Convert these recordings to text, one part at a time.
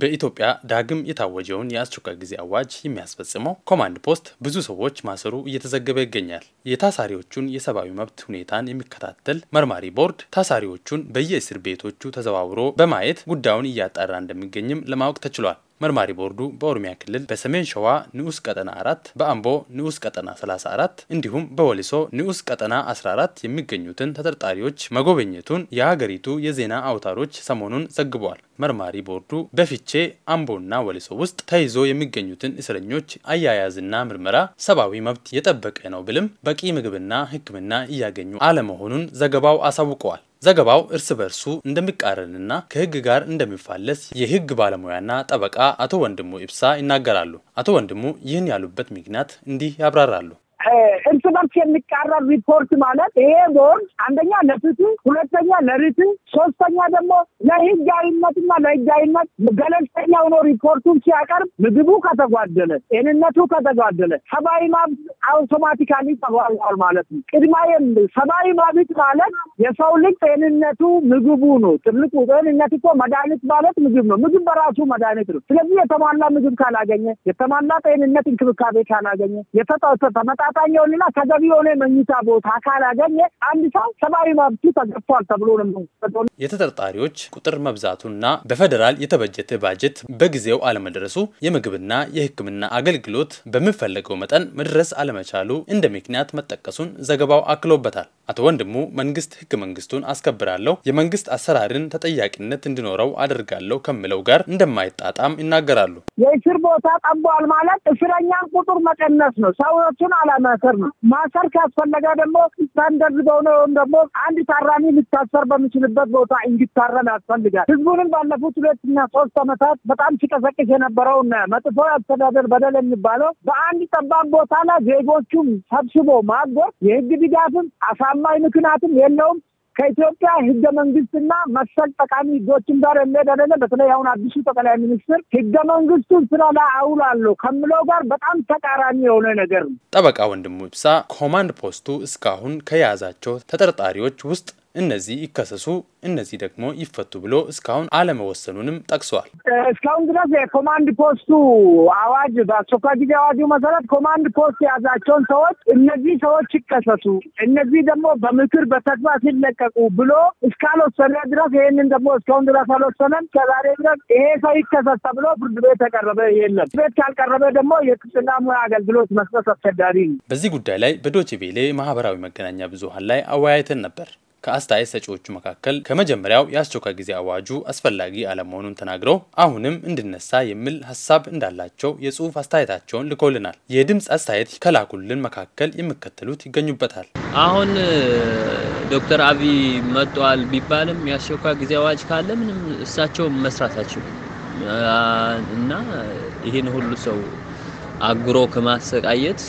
በኢትዮጵያ ዳግም የታወጀውን የአስቸኳይ ጊዜ አዋጅ የሚያስፈጽመው ኮማንድ ፖስት ብዙ ሰዎች ማሰሩ እየተዘገበ ይገኛል። የታሳሪዎቹን የሰብአዊ መብት ሁኔታን የሚከታተል መርማሪ ቦርድ ታሳሪዎቹን በየእስር ቤቶቹ ተዘዋውሮ በማየት ጉዳዩን እያጣራ እንደሚገኝም ለማወቅ ተችሏል። መርማሪ ቦርዱ በኦሮሚያ ክልል በሰሜን ሸዋ ንዑስ ቀጠና አራት በአምቦ ንዑስ ቀጠና 34 እንዲሁም በወሊሶ ንዑስ ቀጠና 14 የሚገኙትን ተጠርጣሪዎች መጎበኘቱን የሀገሪቱ የዜና አውታሮች ሰሞኑን ዘግቧል። መርማሪ ቦርዱ በፊቼ አምቦና ወሊሶ ውስጥ ተይዞ የሚገኙትን እስረኞች አያያዝና ምርመራ ሰብአዊ መብት የጠበቀ ነው ብልም በቂ ምግብና ሕክምና እያገኙ አለመሆኑን ዘገባው አሳውቀዋል። ዘገባው እርስ በርሱ እንደሚቃረንና ከህግ ጋር እንደሚፋለስ የህግ ባለሙያና ጠበቃ አቶ ወንድሙ ኢብሳ ይናገራሉ። አቶ ወንድሙ ይህን ያሉበት ምክንያት እንዲህ ያብራራሉ። እርስ በርስ የሚቃረን ሪፖርት ማለት ይሄ ቦርድ አንደኛ ለፍትህ፣ ሁለተኛ ለርትዕ፣ ሶስተኛ ደግሞ ለህጋዊነትና ለህጋዊነት ገለልተኛ ሆኖ ሪፖርቱን ሲያቀርብ ምግቡ ከተጓደለ፣ ጤንነቱ ከተጓደለ ሰብአዊ መብት አውቶማቲካሊ ተጓድሏል ማለት ነው። ቅድማ ሰብአዊ መብት ማለት የሰው ልጅ ጤንነቱ ምግቡ ነው ትልቁ። ጤንነት እኮ መድኃኒት ማለት ምግብ ነው። ምግብ በራሱ መድኃኒት ነው። ስለዚህ የተሟላ ምግብ ካላገኘ፣ የተሟላ ጤንነት እንክብካቤ ካላገኘ፣ ተመጣጣኝ የሆነና ተገቢ የሆነ መኝታ ቦታ ካላገኘ አንድ ሰው ሰብአዊ መብቱ ተገፏል ተብሎ ነው። የተጠርጣሪዎች ቁጥር መብዛቱና በፌዴራል የተበጀተ ባጀት በጊዜው አለመድረሱ የምግብና የሕክምና አገልግሎት በሚፈለገው መጠን መድረስ አለመቻሉ እንደ ምክንያት መጠቀሱን ዘገባው አክሎበታል። አቶ ወንድሙ መንግስት ህገ መንግስቱን አስከብራለሁ፣ የመንግስት አሰራርን ተጠያቂነት እንዲኖረው አድርጋለሁ ከሚለው ጋር እንደማይጣጣም ይናገራሉ። የእስር ቦታ ጠቧል ማለት እስረኛን ቁጥር መቀነስ ነው፣ ሰዎቹን አለማሰር ነው። ማሰር ካስፈለገ ደግሞ ስታንደርድ በሆነ ወይም ደግሞ አንድ ታራሚ ሊታሰር በሚችልበት ቦታ እንዲታረም ያስፈልጋል። ህዝቡንም ባለፉት ሁለትና ሶስት ዓመታት በጣም ሲቀሰቅስ የነበረው መጥፎ አስተዳደር በደል የሚባለው በአንድ ጠባብ ቦታ ላይ ዜጎቹም ሰብስቦ ማጎር የህግ ድጋፍም አሳማኝ ምክንያትም የለውም። ከኢትዮጵያ ህገ መንግስትና መሰል ጠቃሚ ህጎችን ጋር የሚሄድ በተለይ አሁን አዲሱ ጠቅላይ ሚኒስትር ህገ መንግስቱን ስራ ላይ አውላለሁ ከምለው ጋር በጣም ተቃራኒ የሆነ ነገር ነው። ጠበቃ ወንድሙ ይብሳ ኮማንድ ፖስቱ እስካሁን ከያዛቸው ተጠርጣሪዎች ውስጥ እነዚህ ይከሰሱ፣ እነዚህ ደግሞ ይፈቱ ብሎ እስካሁን አለመወሰኑንም ጠቅሰዋል። እስካሁን ድረስ የኮማንድ ፖስቱ አዋጅ በአስቸኳይ ጊዜ አዋጁ መሰረት ኮማንድ ፖስት የያዛቸውን ሰዎች እነዚህ ሰዎች ይከሰሱ፣ እነዚህ ደግሞ በምክር በተግባር ሲለቀቁ ብሎ እስካልወሰነ ድረስ ይህንን ደግሞ እስካሁን ድረስ አልወሰነም። ከዛሬ ድረስ ይሄ ሰው ይከሰስ ተብሎ ፍርድ ቤት ተቀረበ የለም። ቤት ካልቀረበ ደግሞ የክስና ሙያ አገልግሎት መስጠት አስቸጋሪ ነው። በዚህ ጉዳይ ላይ በዶችቬሌ ማህበራዊ መገናኛ ብዙሀን ላይ አወያይተን ነበር። ከአስተያየት ሰጪዎቹ መካከል ከመጀመሪያው የአስቸኳይ ጊዜ አዋጁ አስፈላጊ አለመሆኑን ተናግረው አሁንም እንድነሳ የሚል ሀሳብ እንዳላቸው የጽሁፍ አስተያየታቸውን ልኮልናል። የድምፅ አስተያየት ከላኩልን መካከል የሚከተሉት ይገኙበታል። አሁን ዶክተር አብይ መጥተዋል ቢባልም የአስቸኳይ ጊዜ አዋጅ ካለ ምንም እሳቸው መስራታቸው እና ይህን ሁሉ ሰው አጉሮ ከማሰቃየት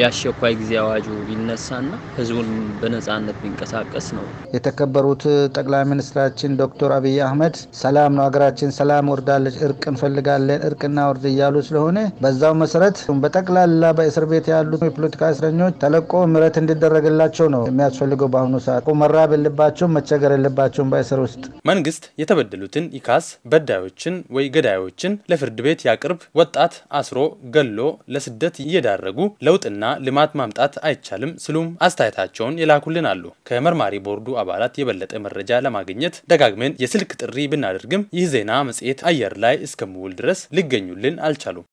የአስቸኳይ ጊዜ አዋጁ ቢነሳና ህዝቡን በነጻነት ቢንቀሳቀስ ነው። የተከበሩት ጠቅላይ ሚኒስትራችን ዶክተር አብይ አህመድ ሰላም ነው ሀገራችን ሰላም ወርዳለች፣ እርቅ እንፈልጋለን፣ እርቅና ወርድ እያሉ ስለሆነ በዛው መሰረት በጠቅላላ በእስር ቤት ያሉ የፖለቲካ እስረኞች ተለቆ ምረት እንዲደረግላቸው ነው የሚያስፈልገው። በአሁኑ ሰዓት መራብ የለባቸውም፣ መቸገር የለባቸውም። በእስር ውስጥ መንግስት የተበደሉትን ይካስ፣ በዳዮችን ወይ ገዳዮችን ለፍርድ ቤት ያቅርብ። ወጣት አስሮ ገሎ ለስደት እየዳረጉ ለውጥና ማስቀረትና ልማት ማምጣት አይቻልም ስሉም አስተያየታቸውን የላኩልን አሉ። ከመርማሪ ቦርዱ አባላት የበለጠ መረጃ ለማግኘት ደጋግመን የስልክ ጥሪ ብናደርግም ይህ ዜና መጽሔት አየር ላይ እስከምውል ድረስ ሊገኙልን አልቻሉም።